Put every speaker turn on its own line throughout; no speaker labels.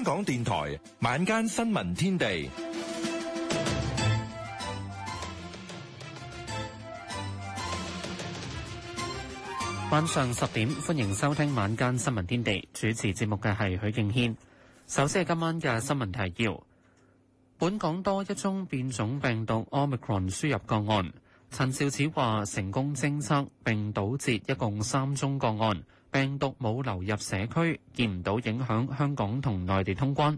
香港電台晚間新聞天地，晚上十
點，歡迎收聽晚間新聞天地。主持節目嘅係許敬軒。首先係今晚嘅新聞提要：本港多一宗變種病毒 Omicron 輸入個案。陳肇始話成功偵測並堵截，一共三宗個案。病毒冇流入社區，見唔到影響香港同內地通關。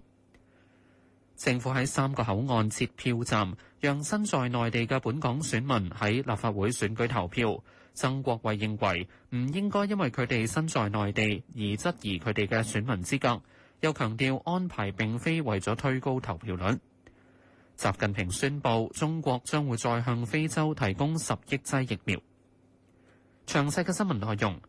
政府喺三個口岸設票站，讓身在內地嘅本港選民喺立法會選舉投票。曾國衛認為唔應該因為佢哋身在內地而質疑佢哋嘅選民資格，又強調安排並非為咗推高投票率。習近平宣布，中國將會再向非洲提供十億劑疫苗。詳細嘅新聞內容。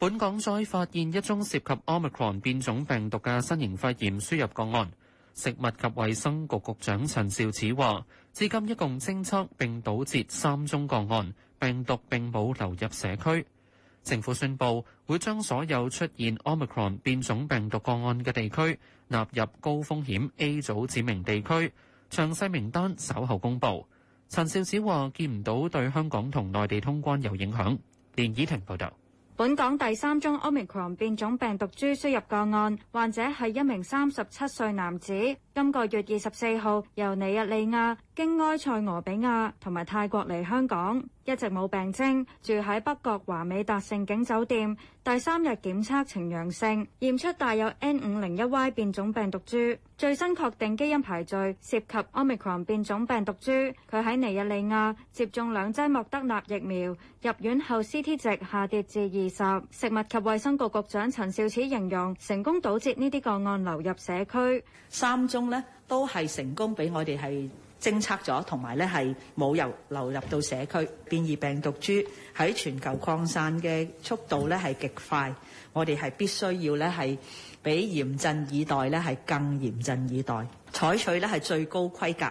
本港再發現一宗涉及 Omicron 變種病毒嘅新型肺炎輸入個案。食物及衛生局局長陳肇始話至今一共偵測並堵截三宗個案，病毒並冇流入社區，政府宣布會將所有出現 Omicron 變種病毒個案嘅地區納入高風險 A 組指明地區，詳細名單稍後公布。陳肇始話見唔到對香港同內地通關有影響。連倚婷報道。
本港第三宗 Omicron 變種病毒株輸入個案，患者係一名三十七歲男子，今個月二十四號由尼日利亞經埃塞俄比亞同埋泰國嚟香港，一直冇病徵，住喺北角華美達盛景酒店，第三日檢測呈陽性，驗出帶有 N501Y 變種病毒株，最新確定基因排序涉及 Omicron 變種病毒株。佢喺尼日利亞接種兩劑莫德納疫苗，入院後 CT 值下跌至二十。食物及衛生局局長陳肇始形容成功堵截呢啲個案流入社區，三宗呢都係成功俾我哋係。偵測咗，同埋咧係冇
由流入到社區，變異病毒株喺全球擴散嘅速度咧係極快，我哋係必須要咧係比嚴陣以待咧係更嚴陣以待，採取咧係最高規格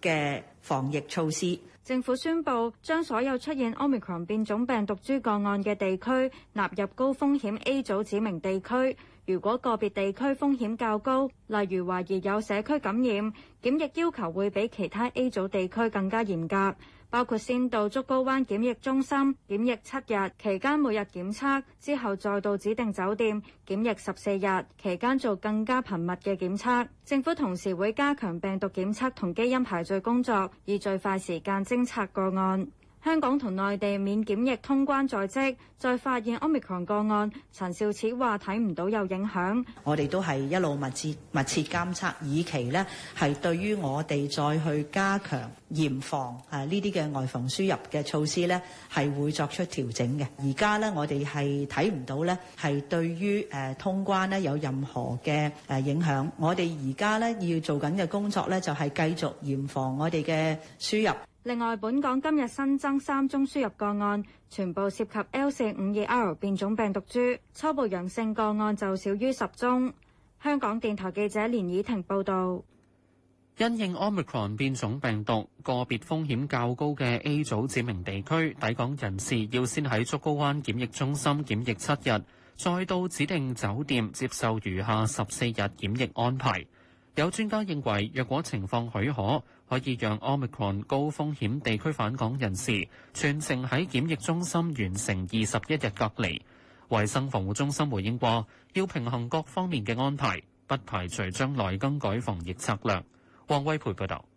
嘅防疫措施。
政府宣布將所有出現 omicron 變種病毒株個案嘅地區納入高風險 A 組指明地區。如果個別地區風險較高，例如懷疑有社區感染，檢疫要求會比其他 A 組地區更加嚴格，包括先到竹篙灣檢疫中心檢疫七日，期間每日檢測，之後再到指定酒店檢疫十四日，期間做更加頻密嘅檢測，政府同時會加強病毒檢測同基因排序工作，以最快時間偵測個案。香港同內地免檢疫通關在即，再發現 Omicron 個案，陳肇始話睇唔到有影響。
我哋都係一路密切密切監測，以期呢係對於我哋再去加強嚴防啊呢啲嘅外防輸入嘅措施呢係會作出調整嘅。而家呢，我哋係睇唔到呢係對於誒、啊、通關呢有任何嘅、啊、影響。我哋而家呢要做緊嘅工作呢，就係、是、繼續嚴防我哋嘅輸入。
另外，本港今日新增三宗輸入個案，全部涉及 L 四五二 R 變種病毒株。初步陽性個案就少於十宗。香港電台記者連倚婷報道。因應
Omicron 變種病毒個別風險較高嘅 A 組指明地區抵港人士，要先喺竹篙灣檢疫中心檢疫七日，再到指定酒店接受餘下十四日檢疫安排。有專家認為，若果情況許可，可以讓 Omicron 高風險地區返港人士全程喺檢疫中心完成二十一日隔離。衞生防護中心回應話，要平衡各方面嘅安排，不排除將來更改防疫策略。王威培報道。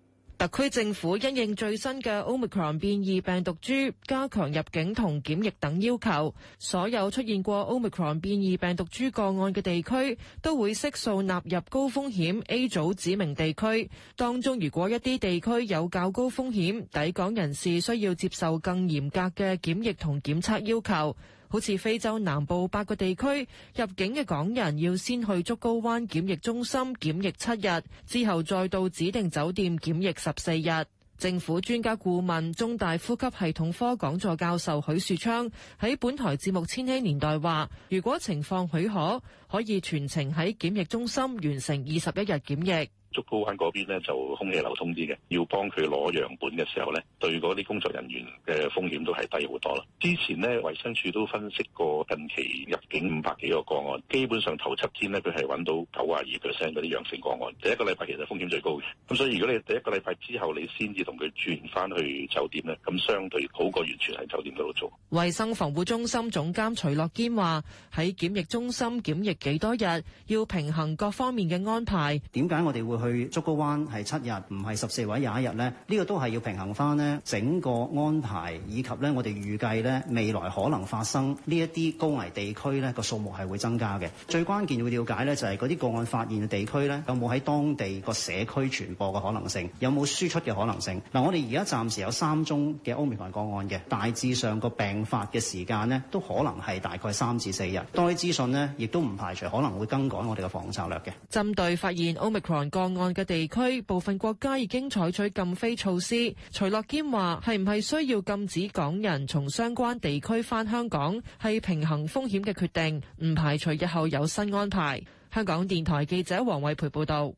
特區政府因應最新嘅 Omicron 變異病毒株，加強入境同檢疫等要求。所有出現過 Omicron 變異病毒株個案嘅地區，都會悉數納入高風險 A 組指明地區。當中如果一啲地區有較高風險，抵港人士需要接受更嚴格嘅檢疫同檢測要求。好似非洲南部八個地區入境嘅港人要先去竹篙灣檢疫中心檢疫七日，之後再到指定酒店檢疫十四日。政府專家顧問中大呼吸系統科講座教授許樹昌喺本台節目《千禧年代》話，如果情況許可，可以全程喺檢疫中心完成二十一日檢疫。
竹篙灣嗰邊咧就空氣流通啲嘅，要幫佢攞樣本嘅時候咧，對嗰啲工作人員嘅風險都係低好多啦。之前咧，衛生署都分析過近期入境五百幾個個案，基本上頭七天咧，佢係揾到九啊二 percent 嗰啲陽性個案。第一個禮拜其實風險最高嘅，咁所以如果你第一個禮拜之後，你先至同佢轉翻去酒店咧，咁相對好過完全喺酒店嗰度做。
衛生防護中心總監徐樂堅話，喺檢疫中心檢疫幾多日，要平衡各方面嘅安排。
點解我哋會？去竹篙灣係七日，唔係十四或廿一日咧。呢、這個都係要平衡翻呢整個安排，以及呢我哋預計呢未來可能發生呢一啲高危地區呢個數目係會增加嘅。最關鍵要了解呢，就係嗰啲個案發現嘅地區呢有冇喺當地個社區傳播嘅可能性，有冇輸出嘅可能性。嗱，我哋而家暫時有三宗嘅 Omicron 個案嘅，大致上個病發嘅時間呢，都可能係大概三至四日。多啲資訊呢，亦都唔排除可能會更改我哋嘅防控策略嘅。
針對發現 Omicron 案嘅地區，部分國家已經採取禁飛措施。徐樂堅話：係唔係需要禁止港人從相關地區翻香港，係平衡風險嘅決定，唔排除日後有新安排。香港電台記者黃慧培報道。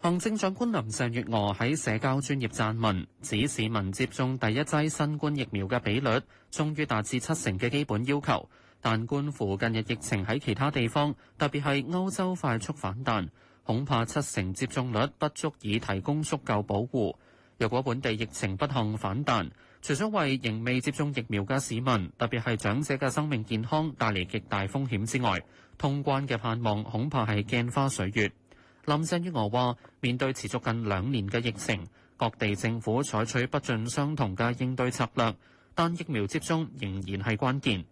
行政長官林鄭月娥喺社交專業撰文指，市民接種第一劑新冠疫苗嘅比率終於達至七成嘅基本要求，但觀乎近日疫情喺其他地方，特別係歐洲快速反彈。恐怕七成接種率不足以提供足夠保護，若果本地疫情不幸反彈，除咗為仍未接種疫苗嘅市民，特別係長者嘅生命健康帶嚟極大風險之外，通關嘅盼望恐怕係鏡花水月。林鄭月娥話面對持續近兩年嘅疫情，各地政府採取不盡相同嘅應對策略，但疫苗接種仍然係關鍵，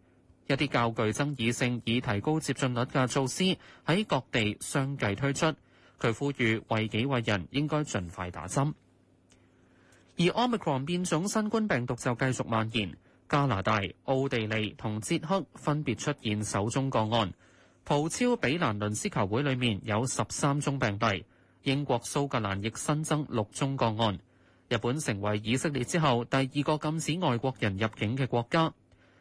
一啲較具爭議性以提高接種率嘅措施喺各地相繼推出。佢呼籲為己為人應該盡快打針，而 Omicron 變種新冠病毒就繼續蔓延。加拿大、奧地利同捷克分別出現首宗個案。葡超比蘭倫斯球會裏面有十三宗病例。英國蘇格蘭亦新增六宗個案。日本成為以色列之後第二個禁止外國人入境嘅國家。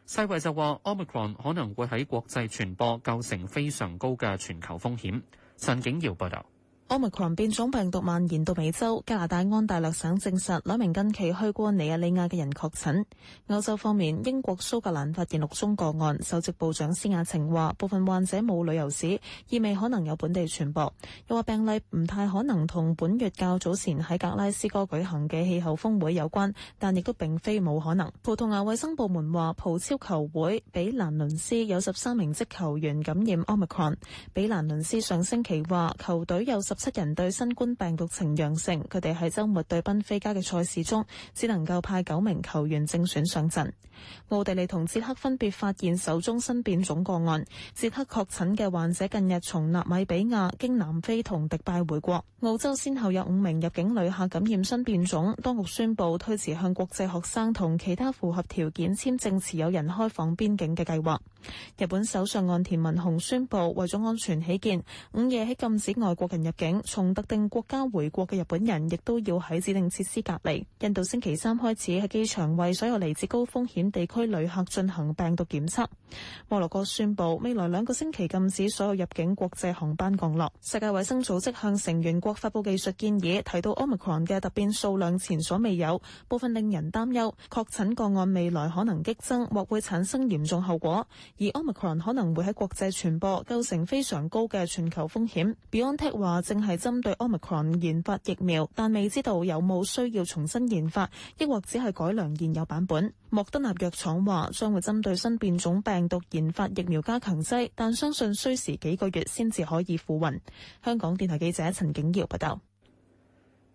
世衞就話，Omicron 可能會喺國際傳播，構成非常高嘅全球風險。陳景堯報
道。Omicron 變種病毒蔓延到美洲，加拿大安大略省證實兩名近期去過尼日利亞嘅人確診。歐洲方面，英國蘇格蘭發現六宗個案，首席部長施雅晴話部分患者冇旅遊史，意味可能有本地傳播。又話病例唔太可能同本月較早前喺格拉斯哥舉行嘅氣候峰會有關，但亦都並非冇可能。葡萄牙衛生部門話葡超球會比蘭倫斯有十三名職球員感染 Omicron。比蘭倫斯上星期話球隊有十。七人對新冠病毒呈陽性，佢哋喺周末對賓菲加嘅賽事中，只能夠派九名球員正選上陣。奧地利同捷克分別發現首宗新變種個案，捷克確診嘅患者近日從納米比亞經南非同迪拜回國。澳洲先後有五名入境旅客感染新變種，當局宣布推遲向國際學生同其他符合條件簽證持，持有人開放邊境嘅計劃。日本首相岸田文雄宣布，為咗安全起見，午夜喺禁止外國人入境。從特定國家回國嘅日本人亦都要喺指定設施隔離。印度星期三開始喺機場為所有嚟自高風險地區旅客進行病毒檢測。摩洛哥宣布未來兩個星期禁止所有入境國際航班降落。世界衛生組織向成員國發布技術建議，提到 Omicron 嘅突變數量前所未有，部分令人擔憂，確診個案未來可能激增，或會產生嚴重後果。而 Omicron 可能會喺國際傳播，構成非常高嘅全球風險。b e 話。係針對 Omicron 研發疫苗，但未知道有冇需要重新研發，抑或只係改良現有版本。莫德納藥廠話將會針對新變種病毒研發疫苗加強劑，但相信需時幾個月先至可以付運。香港電台記者陳景瑤報道。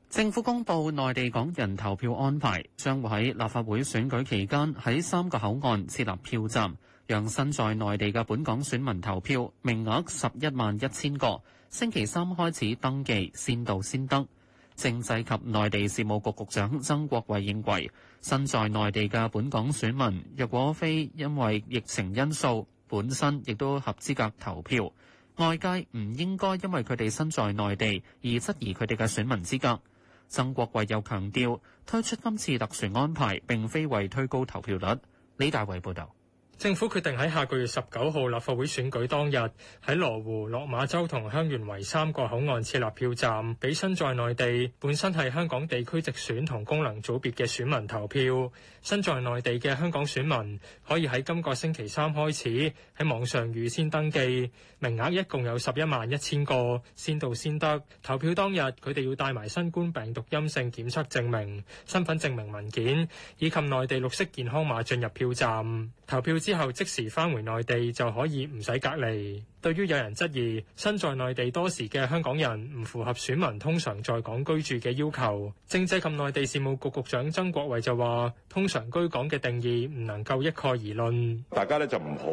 政府公布內地港人投票安排，將會喺立法會選舉期間喺三個口岸設立票站，讓身在內地嘅本港選民投票，名額十一萬一千個。星期三開始登記，先到先得。政制及內地事務局局長曾國衛認為，身在內地嘅本港選民，若果非因為疫情因素，本身亦都合資格投票。外界唔應該因為佢哋身在內地而質疑佢哋嘅選民資格。曾國衛又強調，推出今次特殊安排並非為推高投票率。李大衛報導。
政府決定喺下個月十九號立法會選舉當日，喺羅湖、落馬洲同香園圍三個口岸設立票站，俾身在內地、本身係香港地區直選同功能組別嘅選民投票。身在內地嘅香港選民可以喺今個星期三開始喺網上預先登記，名額一共有十一萬一千個，先到先得。投票當日佢哋要帶埋新冠病毒陰性檢測證明、身份證明文件以及內地綠色健康碼進入票站投票。之後即時返回內地就可以唔使隔離。對於有人質疑身在內地多時嘅香港人唔符合選民通常在港居住嘅要求，政制及內地事務局局長曾國衛就話：，通常居港嘅定義唔能夠一概而論。
大家咧就唔好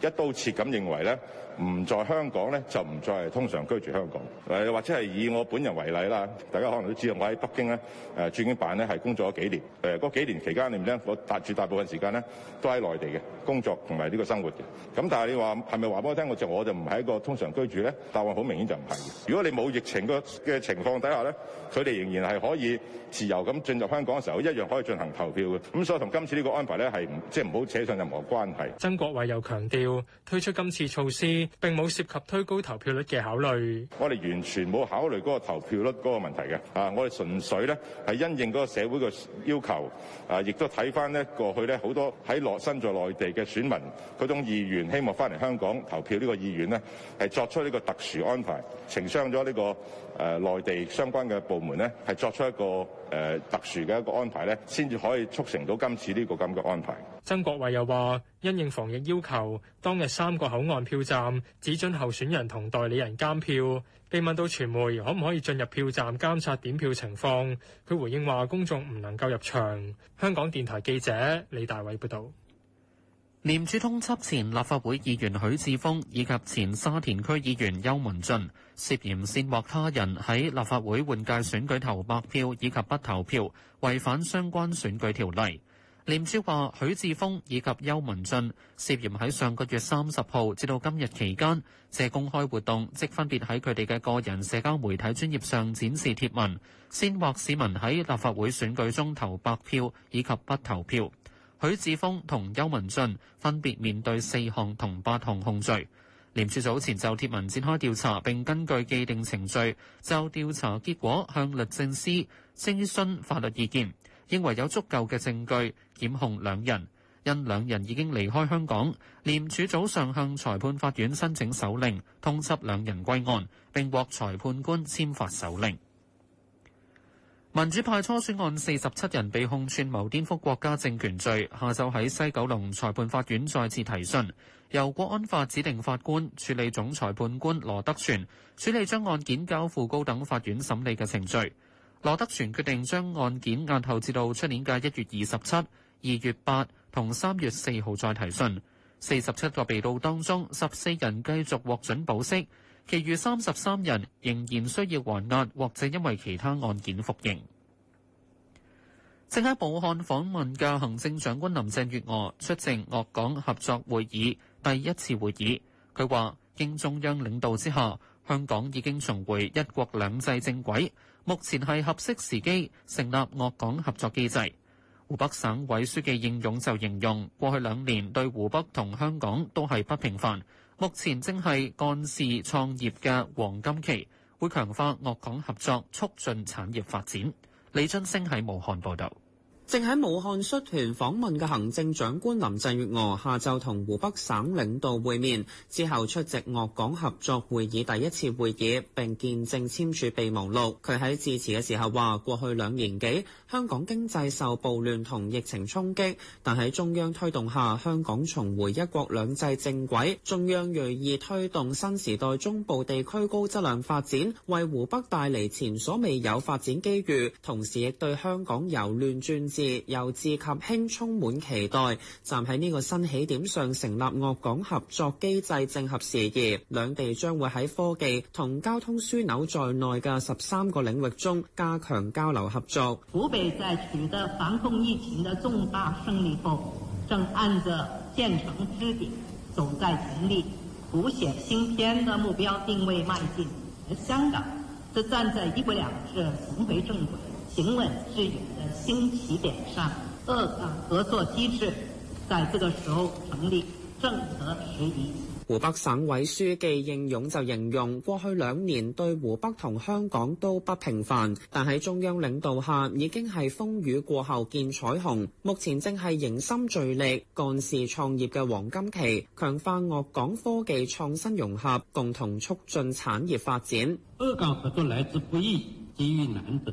一刀切咁認為咧，唔在香港咧就唔再係通常居住香港。誒或者係以我本人為例啦，大家可能都知道我喺北京咧，誒駐京辦咧係工作咗幾年。誒嗰幾年期間，你唔知我大住大部分時間咧都喺內地嘅工作同埋呢個生活嘅。咁但係你話係咪話俾我聽？我就我。我就唔係一個通常居住咧，答案好明顯就唔係。如果你冇疫情嘅嘅情況底下咧，佢哋仍然係可以。自由咁進入香港嘅時候，一樣可以進行投票嘅。咁所以同今次呢個安排咧，係即係唔好扯上任何關係。
曾國衛又強調，推出今次措施並冇涉及推高投票率嘅考慮。
我哋完全冇考慮嗰個投票率嗰個問題嘅。啊，我哋純粹咧係因應嗰個社會嘅要求，啊，亦都睇翻呢過去咧好多喺落身在內地嘅選民嗰種意願，希望翻嚟香港投票呢個意願咧，係作出呢個特殊安排，情商咗呢個。誒，內地相關嘅部門呢係作出一個、呃、特殊嘅一個安排呢，先至可以促成到今次呢個咁嘅安排。
曾國衛又話，因應防疫要求，當日三個口岸票站只准候選人同代理人監票。被問到傳媒可唔可以進入票站監察點票情況，佢回應話，公眾唔能夠入場。香港電台記者李大偉報導。廉署通緝前立
法會議員許智峰以及前沙田區議員邱文俊。涉嫌煽惑他人喺立法會換屆選舉投白票以及不投票，違反相關選舉條例。廉署話許智峯以及邱文俊涉嫌喺上個月三十號至到今日期間，借公開活動，即分別喺佢哋嘅個人社交媒體專頁上展示帖文，煽惑市民喺立法會選舉中投白票以及不投票。許智峯同邱文俊分別面對四項同八項控罪。廉署早前就貼文展開調查，並根據既定程序，就調查結果向律政司徵詢法律意見，認為有足夠嘅證據檢控兩人。因兩人已經離開香港，廉署早上向裁判法院申請手令，通緝兩人歸案，並獲裁判官簽發手令。民主派初選案四十七人被控串謀顛覆國家政權罪，下晝喺西九龍裁判法院再次提訊，由國安法指定法官處理、總裁判官羅德全處理將案件交付高等法院審理嘅程序。羅德全決定將案件押後至到出年嘅一月二十七、二月八同三月四號再提訊。四十七個被告當中，十四人繼續獲准保釋。其餘三十三人仍然需要還押，或者因為其他案件服刑。正喺武漢訪問嘅行政長官林鄭月娥出席鄂港合作會議第一次會議，佢話：經中央領導之下，香港已經重回一國兩制正軌，目前係合適時機成立鄂港合作機制。湖北省委書記應勇就形容過去兩年對湖北同香港都係不平凡。目前正係幹事創業嘅黃金期，會強化鄂港合作，促進產業發展。李津升喺武漢報道。
正喺武漢率團訪問嘅行政長官林鄭月娥下晝同湖北省領導會面，之後出席鄂港合作會議第一次會議，並見證簽署備忘錄。佢喺致辭嘅時候話：過去兩年幾，香港經濟受暴亂同疫情衝擊，但喺中央推動下，香港重回一國兩制正軌。中央銳意推動新時代中部地區高質量發展，為湖北帶嚟前所未有發展機遇，同時亦對香港由亂轉治。又自及興，充滿期待。站喺呢個新起點上，成立鄂港合作機制正合時宜，兩地將會喺科技同交通樞紐在內嘅十三個領域中加強交流合作。
湖北在取得防控疫情的重大勝利後，正按着建成支點、走在前列、譜寫新篇嘅目標定位邁進；而香港就站在一國兩制重回正軌。行穩致遠的新起點上，鄂港合作機製在這個時候成立，正合
時宜。湖北省委書記應勇就形容，過去兩年對湖北同香港都不平凡，但喺中央領導下，已經係風雨過後見彩虹。目前正係凝心聚力幹事創業嘅黃金期，強化鄂港科技創新融合，共同促進產業發展。
鄂港合作來之不易，機遇難得。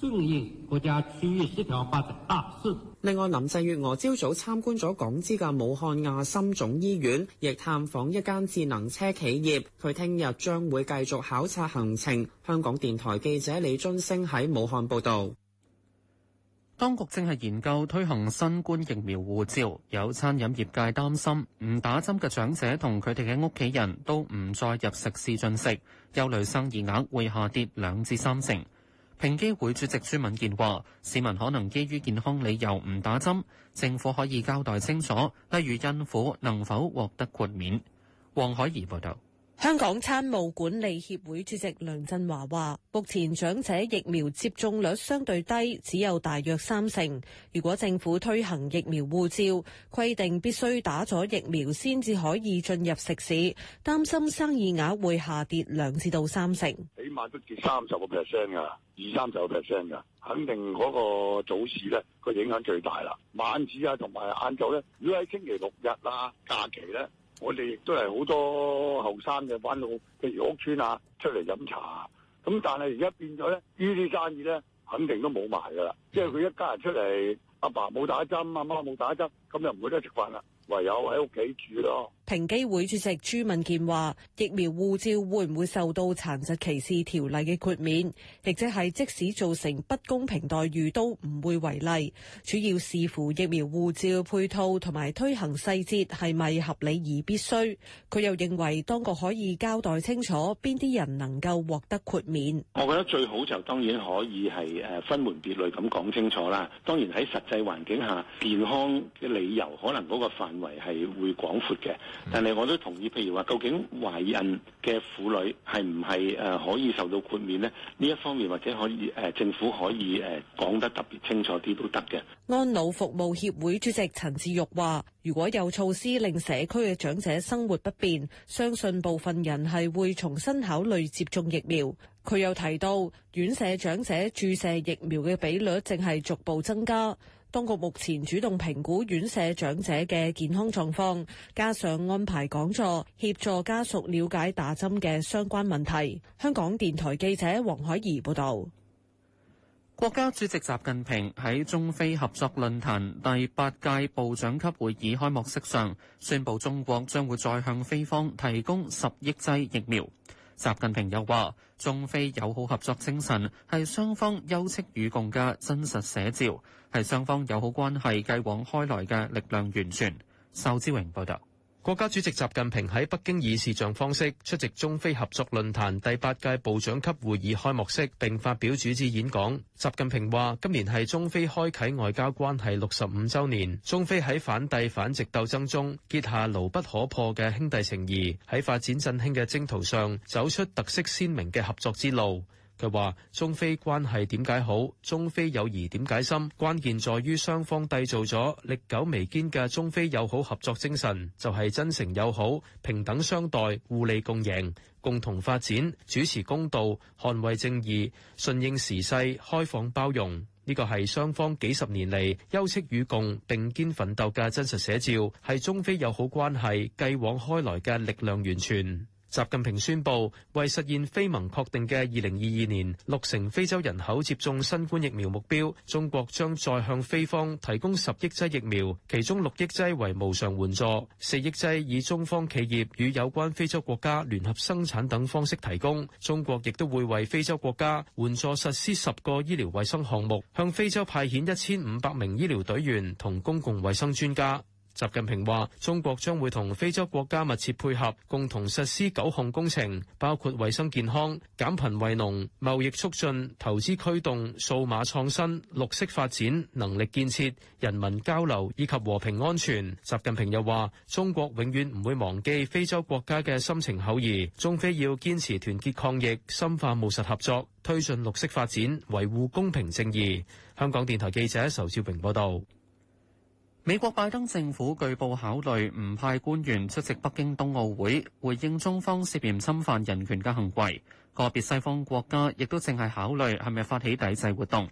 順應國家區域協調發展大
勢。另外，林鄭月娥朝早參觀咗港資嘅武漢亞心總醫院，亦探訪一間智能車企業。佢聽日將會繼續考察行程。香港電台記者李俊升喺武漢
報道。當局正係研究推行新冠疫苗護照，有餐飲業界擔心唔打針嘅長者同佢哋嘅屋企人都唔再入食肆進食，憂慮生意額會下跌兩至三成。平機會主席朱敏健話：市民可能基於健康理由唔打針，政府可以交代清楚，例如孕婦能否獲得豁免。黃海怡報道。
香港餐務管理協會主席梁振華話，目前長者疫苗接種率相對低，只有大約三成。如果政府推行疫苗護照，規定必須打咗疫苗先至可以進入食肆，擔心生意額會下跌兩至到三成。
起碼都跌三十個 percent 噶，二三十個 percent 噶，肯定嗰個早市咧個影響最大啦。晚市啊，同埋晏晝咧，如果喺星期六日啊，假期咧。 我哋亦都係好多後生嘅翻到譬如屋村啊，出嚟飲茶。咁但係而家變咗咧，呢啲生意咧肯定都冇埋噶啦。即係佢一家人出嚟，阿爸冇打針，阿媽冇打針，咁又唔會得食飯啦，唯有喺屋企住咯。
平機會主席朱敏健話：疫苗護照會唔會受到殘疾歧視條例嘅豁免，亦即係即使造成不公平待遇都唔會違例，主要視乎疫苗護照配套同埋推行細節係咪合理而必須。佢又認為當局可以交代清楚邊啲人能夠獲得豁免。
我覺得最好就當然可以係
誒分門別類咁講清楚啦。當然喺實際環境下，健康嘅理由可能嗰個範圍係會廣闊嘅。但係我都同意，譬如話，究竟懷孕嘅婦女係唔係可以受到豁免呢？呢一方面或者可以誒政府可以誒講得特別清楚啲都得嘅。
安老服務協會主席陳志玉話，如果有措施令社區嘅長者生活不便，相信部分人係會重新考慮接種疫苗。佢又提到，院舍長者注射疫苗嘅比率正係逐步增加。當局目前主動評估院舍長者嘅健康狀況，加上安排講座，協助家屬了解打針嘅相關問題。香港電台記者黃海怡報道。
國家主席習近平喺中非合作論壇第八屆部長級會議開幕式上宣布，中國將會再向非方提供十億劑疫苗。習近平又話，中非友好合作精神係雙方休戚與共嘅真實寫照，係雙方友好關係繼往開來嘅力量源
泉。仇志榮報道，國家主席習近平喺北京以視像方式出席中非合作論壇第八屆部長級會議開幕式，並發表主旨演講。習近平話：今年係中非開啟外交關係六十五週年，中非喺反帝反殖鬥爭中結下牢不可破嘅兄弟情誼，喺發展振興嘅征途上走出特色鮮明嘅合作之路。佢話：中非關係點解好？中非友誼點解深？關鍵在於雙方締造咗歷久彌堅嘅中非友好合作精神，就係、是、真誠友好、平等相待、互利共贏、共同發展、主持公道、捍衛正義、順應時勢、開放包容。呢個係雙方幾十年嚟休戚與共、並肩奮鬥嘅真實寫照，係中非友好關係繼往開來嘅力量源泉。習近平宣布，為實現非盟確定嘅二零二二年六成非洲人口接種新冠疫苗目標，中國將再向非方提供十億劑疫苗，其中六億劑為無償援助，四億劑以中方企業與有關非洲國家聯合生產等方式提供。中國亦都會為非洲國家援助實施十個醫療衛生項目，向非洲派遣一千五百名醫療隊員同公共衛生專家。習近平話：中國將會同非洲國家密切配合，共同實施九項工程，包括衛生健康、減貧惠農、貿易促進、投資驅動、數碼創新、綠色發展、能力建設、人民交流以及和平安全。習近平又話：中國永遠唔會忘記非洲國家嘅深情厚誼，中非要堅持團結抗疫、深化務實合作、推進綠色發展、維護公平正義。香港電台記者仇昭平報道。美國拜登政府
據報考慮唔派官員出席北京冬奧會，回應中方涉嫌侵犯人權嘅行為。個別西方國家亦都淨係考慮係咪發起抵制活動。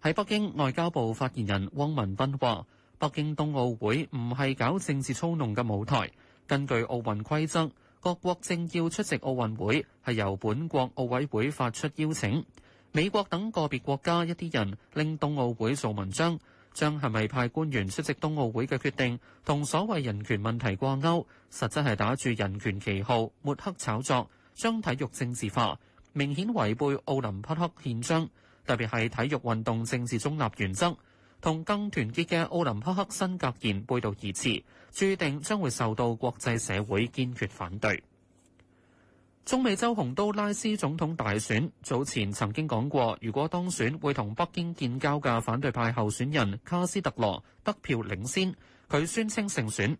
喺北京，外交部發言人汪文斌話，北京冬奧會唔係搞政治操弄嘅舞台。根據奧運規則，各國政要出席奧運會係由本國奧委會發出邀請。美國等個別國家一啲人拎冬奧會做文章。將係咪派官員出席冬奧會嘅決定，同所謂人權問題掛鈎，實質係打住人權旗號抹黑炒作，將體育政治化，明顯違背奧林匹克憲章，特別係體育運動政治中立原則，同更團結嘅奧林匹克新格言背道而馳，注定將會受到國際社會堅決反對。中美洲洪都拉斯總統大選早前曾經講過，如果當選會同北京建交嘅反對派候選人卡斯特羅得票領先，佢宣稱勝選。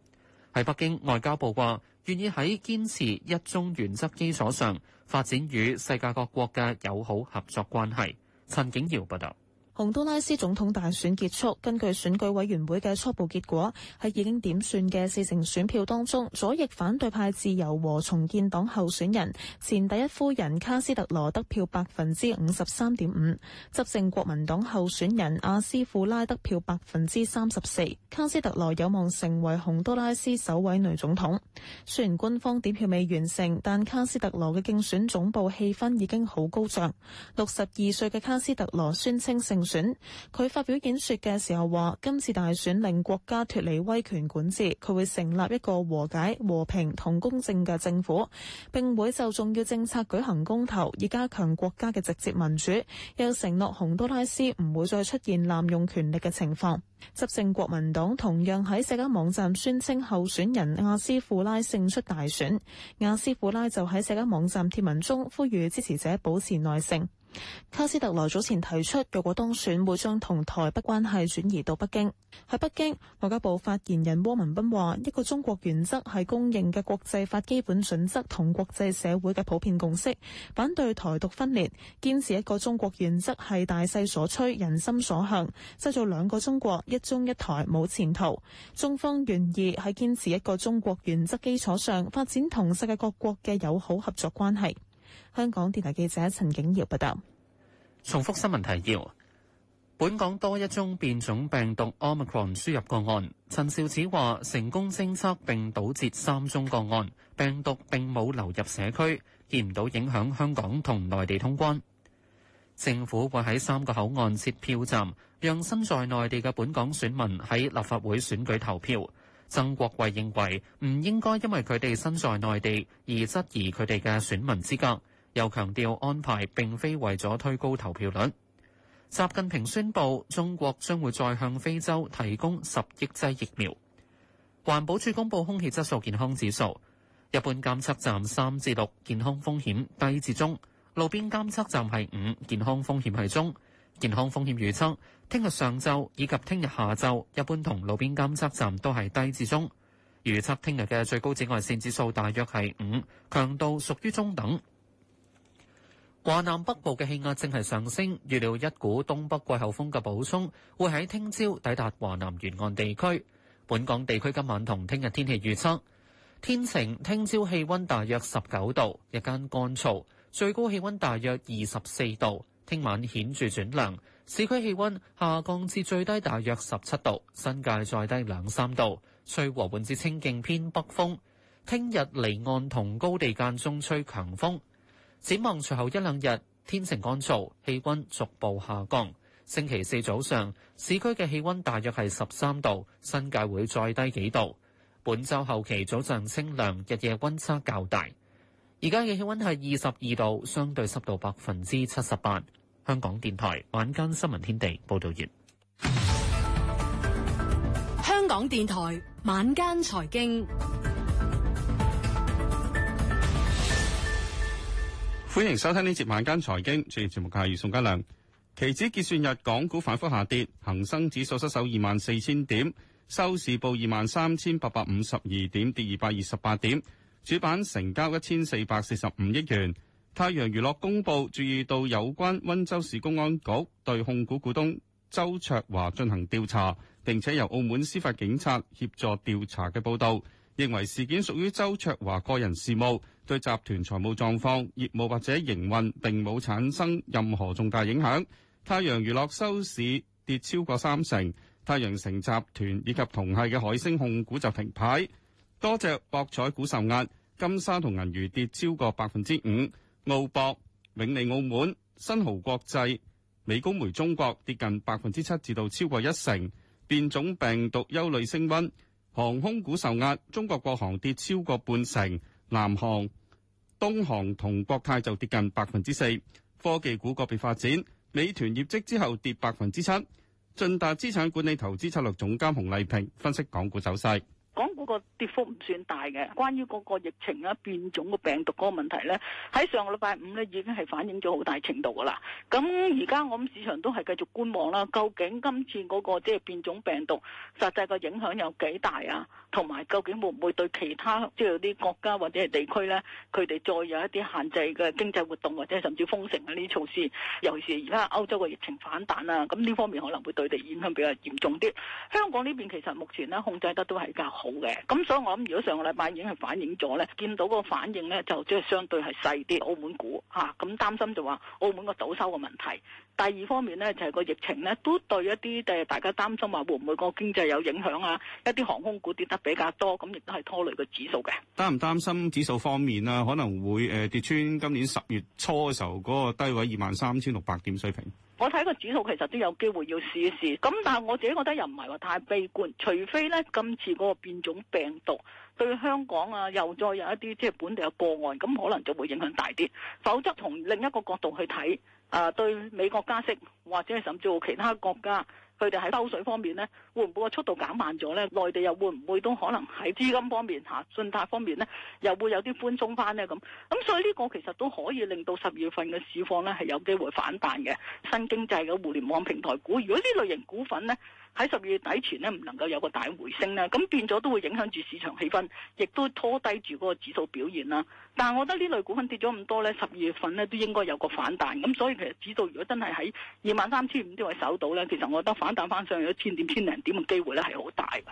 喺北京外交部話，願意喺堅持一中原則基礎上，發展與世界各國嘅友好合作關係。陳景耀報道。
洪都拉斯總統大選結束，根據選舉委員會嘅初步結果，喺已經點算嘅四成選票當中，左翼反對派自由和重建黨候選人前第一夫人卡斯特羅得票百分之五十三點五，執政國民黨候選人阿斯富拉得票百分之三十四。卡斯特羅有望成為洪都拉斯首位女總統。雖然官方點票未完成，但卡斯特羅嘅競選總部氣氛已經好高漲。六十二歲嘅卡斯特羅宣稱勝選佢發表演說嘅時候話，今次大選令國家脫離威權管治，佢會成立一個和解、和平同公正嘅政府，並會就重要政策舉行公投，以加強國家嘅直接民主。又承諾洪都拉斯唔會再出現濫用權力嘅情況。執政國民黨同樣喺社交網站宣稱候選人阿斯庫拉勝出大選。阿斯庫拉就喺社交網站貼文中呼籲支持者保持耐性。卡斯特羅早前提出，若果當選，會將同台北關係轉移到北京。喺北京，外交部發言人汪文斌話，一個中國原則係公認嘅國際法基本準則同國際社會嘅普遍共識，反對台獨分裂，堅持一個中國原則係大勢所趨、人心所向。製造兩個中國、一中一台冇前途。中方願意喺堅持一個中國原則基礎上，發展同世界各國嘅友好合作關係。香港電台記者陳景瑤報道：
重複新聞提要，本港多一宗變種病毒 omicron 輸入個案。陳肇始話，成功偵測並堵截三宗個案，病毒並冇流入社區，見唔到影響香港同內地通關。政府會喺三個口岸設票站，讓身在內地嘅本港選民喺立法會選舉投票。曾國衛認為，唔應該因為佢哋身在內地而質疑佢哋嘅選民資格。又強調安排並非為咗推高投票率。習近平宣布，中國將會再向非洲提供十億劑疫苗。環保署公布空氣質素健康指數，一般監測站三至六，健康風險低至中；路邊監測站係五，健康風險係中。健康風險預測，聽日上晝以及聽日下晝，一般同路邊監測站都係低至中。預測聽日嘅最高紫外線指數大約係五，強度屬於中等。華南北部嘅氣壓正係上升，預料一股東北季候風嘅補充會喺聽朝抵達華南沿岸地區。本港地區今晚同聽日天氣預測：天晴，聽朝氣温大約十九度，日間乾燥，最高氣温大約二十四度。聽晚顯著轉涼，市區氣温下降至最低大約十七度，新界再低兩三度，吹和緩至清勁偏北風。聽日離岸同高地間中吹強風。展望隨後一兩日，天晴乾燥，氣溫逐步下降。星期四早上，市區嘅氣溫大約係十三度，新界會再低幾度。本周後期早上清涼，日夜溫差較大。而家嘅氣溫係二十二度，相對濕度百分之七十八。香港電台晚間新聞天地報道完。
香港電台晚間財經。
歡迎收聽呢節晚間財經專業節目，我係宋家良。期指結算日，港股反復下跌，恒生指數失守二萬四千點，收市報二萬三千八百五十二點，跌二百二十八點，主板成交一千四百四十五億元。太陽娛樂公布注意到有關溫州市公安局對控股股東周卓華進行調查，並且由澳門司法警察協助調查嘅報道，認為事件屬於周卓華個人事務。對集團財務狀況、業務或者營運，並冇產生任何重大影響。太陽娛樂收市跌超過三成，太陽城集團以及同系嘅海星控股就停牌。多隻博彩股受壓，金沙同銀娛跌超過百分之五，澳博、永利澳門、新濠國際、美高梅中國跌近百分之七，至到超過一成。變種病毒憂慮升溫，航空股受壓，中國國航跌超過半成。南航、東航同國泰就跌近百分之四，科技股個別發展，美團業績之後跌百分之七。駿達資產管理投資策略總監洪麗萍分析港股走勢。
港股個跌幅唔算大嘅，關於嗰個疫情啊變種嘅病毒嗰個問題咧，喺上個禮拜五呢已經係反映咗好大程度噶啦。咁而家我諗市場都係繼續觀望啦，究竟今次嗰個即係變種病毒實際個影響有幾大啊？同埋究竟會唔會對其他即係有啲國家或者係地區呢，佢哋再有一啲限制嘅經濟活動或者甚至封城啊呢啲措施，尤其是而家歐洲嘅疫情反彈啊，咁呢方面可能會對你影響比較嚴重啲。香港呢邊其實目前呢控制得都係較好。好嘅，咁所以我諗，如果上個禮拜已經係反映咗咧，見到嗰個反應咧，就即係相對係細啲澳門股吓，咁、啊、擔心就話澳門個倒收嘅問題。第二方面呢，就係個疫情呢，都對一啲誒大家擔心話會唔會個經濟有影響啊？一啲航空股跌得比較多，咁亦都係拖累個指數嘅。
擔唔擔心指數方面啊，可能會誒跌穿今年十月初嘅時候嗰個低位二萬三千六百點水平。
我睇個指數其實都有機會要試一試。咁但係我自己覺得又唔係話太悲觀，除非呢今次嗰個變種病毒對香港啊又再有一啲即係本地嘅個案，咁可能就會影響大啲。否則從另一個角度去睇。啊！對美國加息，或者係甚至乎其他國家，佢哋喺收水方面咧，會唔會個速度減慢咗呢？內地又會唔會都可能喺資金方面、嚇信貸方面咧，又會有啲寬鬆翻呢？咁，咁所以呢個其實都可以令到十二月份嘅市況咧係有機會反彈嘅新經濟嘅互聯網平台股，如果呢類型股份呢。喺十二月底前咧，唔能夠有個大回升咧，咁變咗都會影響住市場氣氛，亦都拖低住嗰個指數表現啦。但係，我覺得呢類股份跌咗咁多咧，十二月份咧都應該有個反彈咁，所以其實指數如果真係喺二萬三千五呢位守到咧，其實我覺得反彈翻上去一千點千零點嘅機會咧係好大嘅。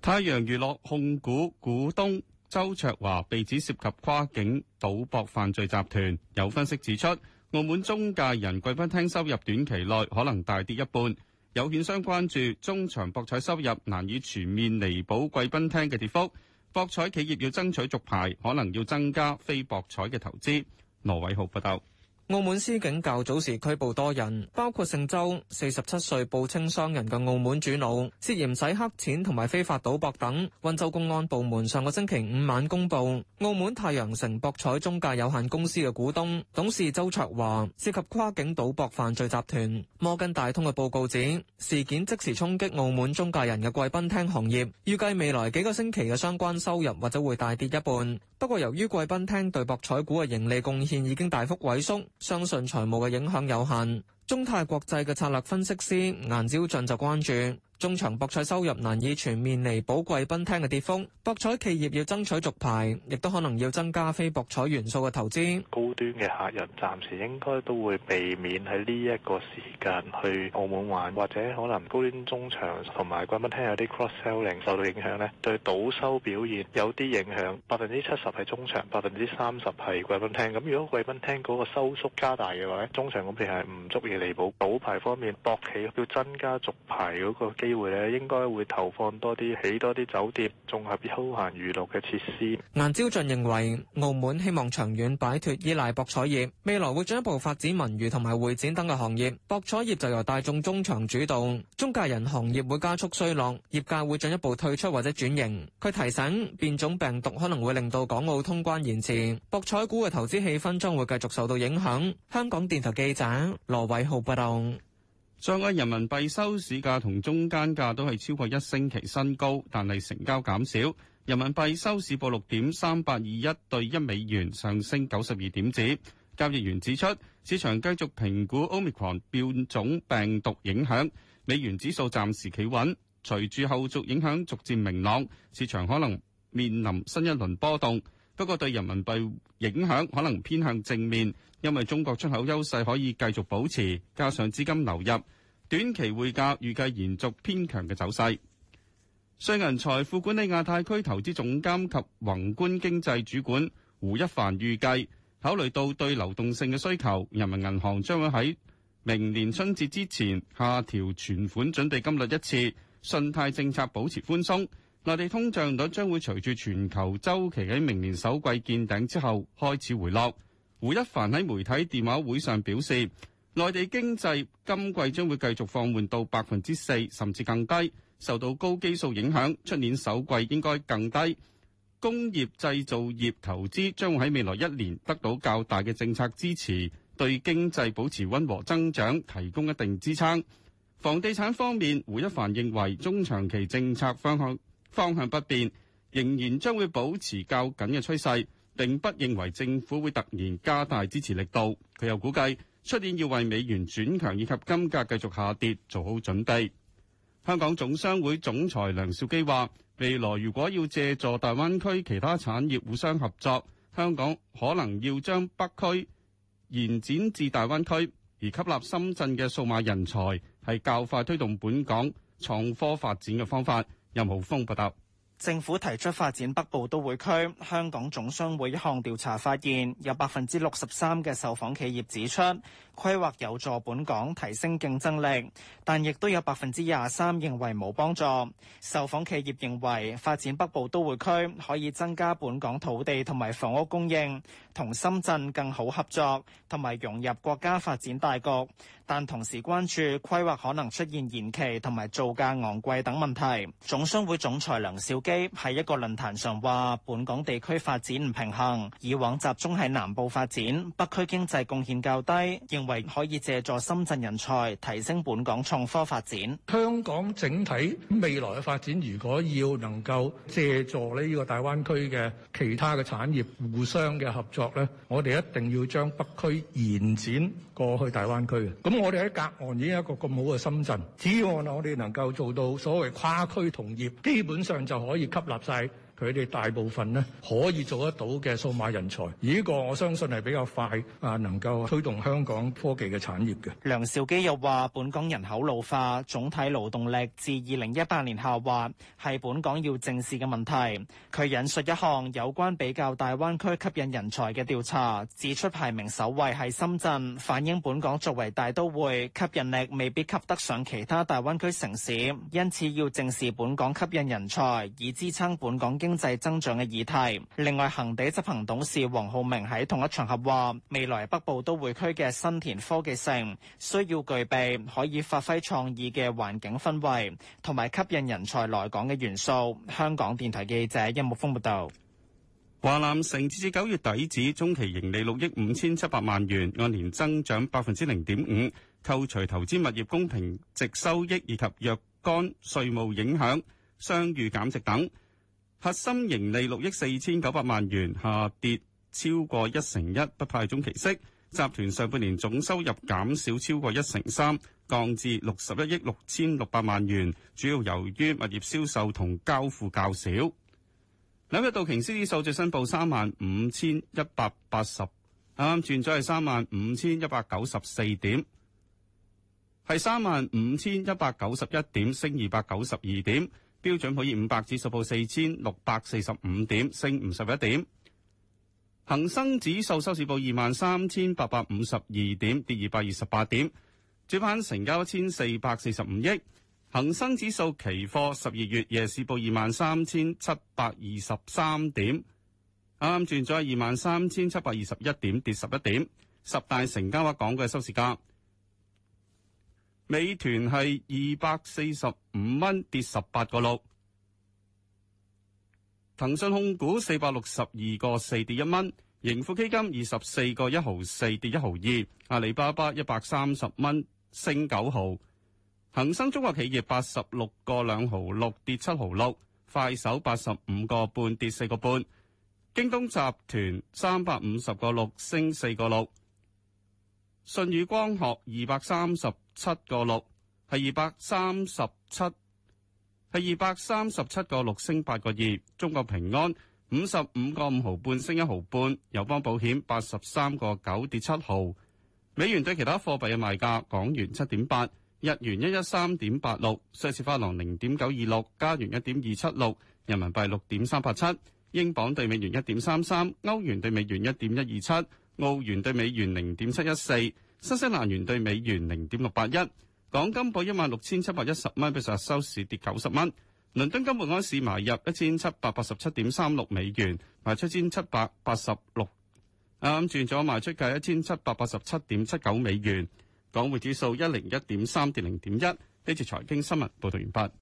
太陽娛樂控股股東周卓華被指涉及跨境賭博犯罪集團，有分析指出，澳門中介人貴賓廳收入短期內可能大跌一半。有券商關注中場博彩收入難以全面彌補貴賓廳嘅跌幅，博彩企業要爭取續牌，可能要增加非博彩嘅投資。羅偉浩報道。澳門司警較早時拘捕多人，包括姓
周、四十七歲、報稱商人嘅澳門主腦，涉嫌洗黑錢同埋非法賭博等。溫州公安部門上個星期五晚公布，澳門太陽城博彩中介有限公司嘅股東、董事周卓華涉及跨境賭博犯罪集團。摩根大通嘅報告指，事件即時衝擊澳門中介人嘅貴賓廳行業，預計未來幾個星期嘅相關收入或者會大跌一半。不過，由於貴賓廳對博彩股嘅盈利貢獻已經大幅萎縮。相信財務嘅影響有限。中泰國際嘅策略分析師顏朝俊就關注。中場博彩收入難以全面彌補貴賓廳嘅跌幅，博彩企業要爭取續牌，亦都可能要增加非博彩元素嘅投資。
高端嘅客人暫時應該都會避免喺呢一個時間去澳門玩，或者可能高端中場同埋貴賓廳有啲 cross selling 受到影響咧，對賭收表現有啲影響。百分之七十係中場，百分之三十係貴賓廳。咁如果貴賓廳嗰個收縮加大嘅話咧，中場嗰邊係唔足以彌補。賭牌方面，博企要增加續牌嗰個機機會咧，應該會投放多啲，起多啲酒店、綜合休閒娛樂嘅設施。
顏朝俊認為，澳門希望長遠擺脱依賴博彩業，未來會進一步發展文娛同埋會展等嘅行業。博彩業就由大眾中場主動，中介人行業會加速衰落，業界會進一步退出或者轉型。佢提醒，變種病毒可能會令到港澳通關延遲，博彩股嘅投
資氣氛將會繼續受到影響。香港電台記者羅偉浩報道。上岸人民幣收市價同中間價都係超過一星期新高，但係成交減少。人民幣收市報六點三八二一對一美元，上升九十二點子。交易員指出，市場繼續評估奧密克戎變種病毒影響，美元指數暫時企穩，隨住後續影響逐漸明朗，市場可能面臨新一輪波動。不過對人民幣影響可能偏向正面，因為中國出口優勢可以繼續保持，加上資金流入，短期匯價預計延續偏強嘅走勢。瑞銀財富管理亞太區投資總監及宏觀經濟主管胡一帆預計，考慮到對流動性嘅需求，人民銀行將會喺明年春節之前下調存款準備金率一次，信貸政策保持寬鬆。內地通脹率將會隨住全球周期喺明年首季見頂之後開始回落。胡一帆喺媒體電話會上表示，內地經濟今季將會繼續放緩到百分之四，甚至更低。受到高基數影響，出年首季應該更低。工業製造業投資將會喺未來一年得到較大嘅政策支持，對經濟保持溫和增長，提供一定支撐。房地產方面，胡一帆認為中長期政策方向，方向不變，仍然將會保持較緊嘅趨勢，並不認為政府會突然加大支持力度。佢又估計出年要為美元轉強以及金價繼續下跌做好準備。香港總商會總裁梁兆基話，未來如果要借助大灣區其他產業互相合作，香港可能要將北區延展至大灣區，而吸納深圳嘅數碼人才係較快推動本港創科發展嘅方法。任浩峰報道，
政府提出發展北部都會區，香港總商會一項調查發現，有百分之六十三嘅受訪企業指出規劃有助本港提升競爭力，但亦都有百分之廿三認為冇幫助。受訪企業認為發展北部都會區可以增加本港土地同埋房屋供應，同深圳更好合作，同埋融入國家發展大局。但同時關注規劃可能出現延期同埋造價昂貴等問題。總商會總裁梁兆基喺一個論壇上話：本港地區發展唔平衡，以往集中喺南部發展，北區經濟貢獻較低。可以藉助深圳人才提升
本港創科發展。香港整體未來嘅發展，如果要能夠藉助呢個大灣區嘅其他嘅產業互相嘅合作咧，我哋一定要將北區延展過去大灣區嘅。咁我哋喺隔岸已經有一個咁好嘅深圳，只要我哋能夠做到所謂跨區同業，基本上就可以吸納曬。佢哋大部分呢可以做得到嘅數碼人才，呢個我相信係比較快啊能夠推動香港科技嘅產業嘅。梁兆基又話，本
港人口老化，總體勞動力自二零一八年下滑，係本港要正視嘅問題。佢引述一項有關比較大灣區吸引人才嘅調查，指出排名首位係深圳，反映本港作為大都會吸引力未必吸得上其他大灣區城市，因此要正視本港吸引人才，以支撐本港經經濟增長嘅議題。另外，恒地執行董事黃浩明喺同一場合話，未來北部都會區嘅新田科技城需要具備可以發揮創意嘅環境氛圍，同埋吸引人才來港嘅元素。香港電台記者殷木峰報道。
華南城截至九月底止中期盈利六億五千七百萬元，按年增長百分之零點五，扣除投資物業公平值收益以及若干稅務影響、商譽減值等。核心盈利六億四千九百萬元，下跌超過一成一，不派中期息。集團上半年總收入減少超過一成三，降至六十一億六千六百萬元，主要由於物業銷售同交付較少。紐約道瓊斯指數最新報三萬五千一百八十，啱啱轉咗係三萬五千一百九十四點，係三萬五千一百九十一點，升二百九十二點。標準普爾五百指數報四千六百四十五點，升五十一點。恒生指數收市報二萬三千八百五十二點，跌二百二十八點。主板成交一千四百四十五億。恒生指數期貨十二月夜市報二萬三千七百二十三點，啱啱轉咗二萬三千七百二十一點，跌十一點。十大成交額港股收市價。美團係二百四十五蚊，跌十八個六。騰訊控股四百六十二個四，跌一蚊。盈富基金二十四個一毫四，跌一毫二。阿里巴巴一百三十蚊，升九毫。恒生中國企業八十六個兩毫六，跌七毫六。快手八十五個半，跌四個半。京東集團三百五十個六，升四個六。舜宇光學二百三十。七個六係二百三十七，係二百三十七個六，升八個二。中國平安五十五個五毫半，升一毫半。友邦保險八十三個九，跌七毫。美元對其他貨幣嘅賣價：港元七點八，日元一一三點八六，瑞士法郎零點九二六，加元一點二七六，人民幣六點三八七，英鎊兌美元一點三三，歐元兌美元一點一二七，澳元兌美元零點七一四。新西蘭元對美元零點六八一，港金報一萬六千七百一十蚊，比上日收市跌九十蚊。倫敦金每盎司買入一千七百八十七點三六美元，賣出千七百八十六。啱轉咗賣出價一千七百八十七點七九美元。港匯指數一零一點三跌零點一。呢次財經新聞報道完畢。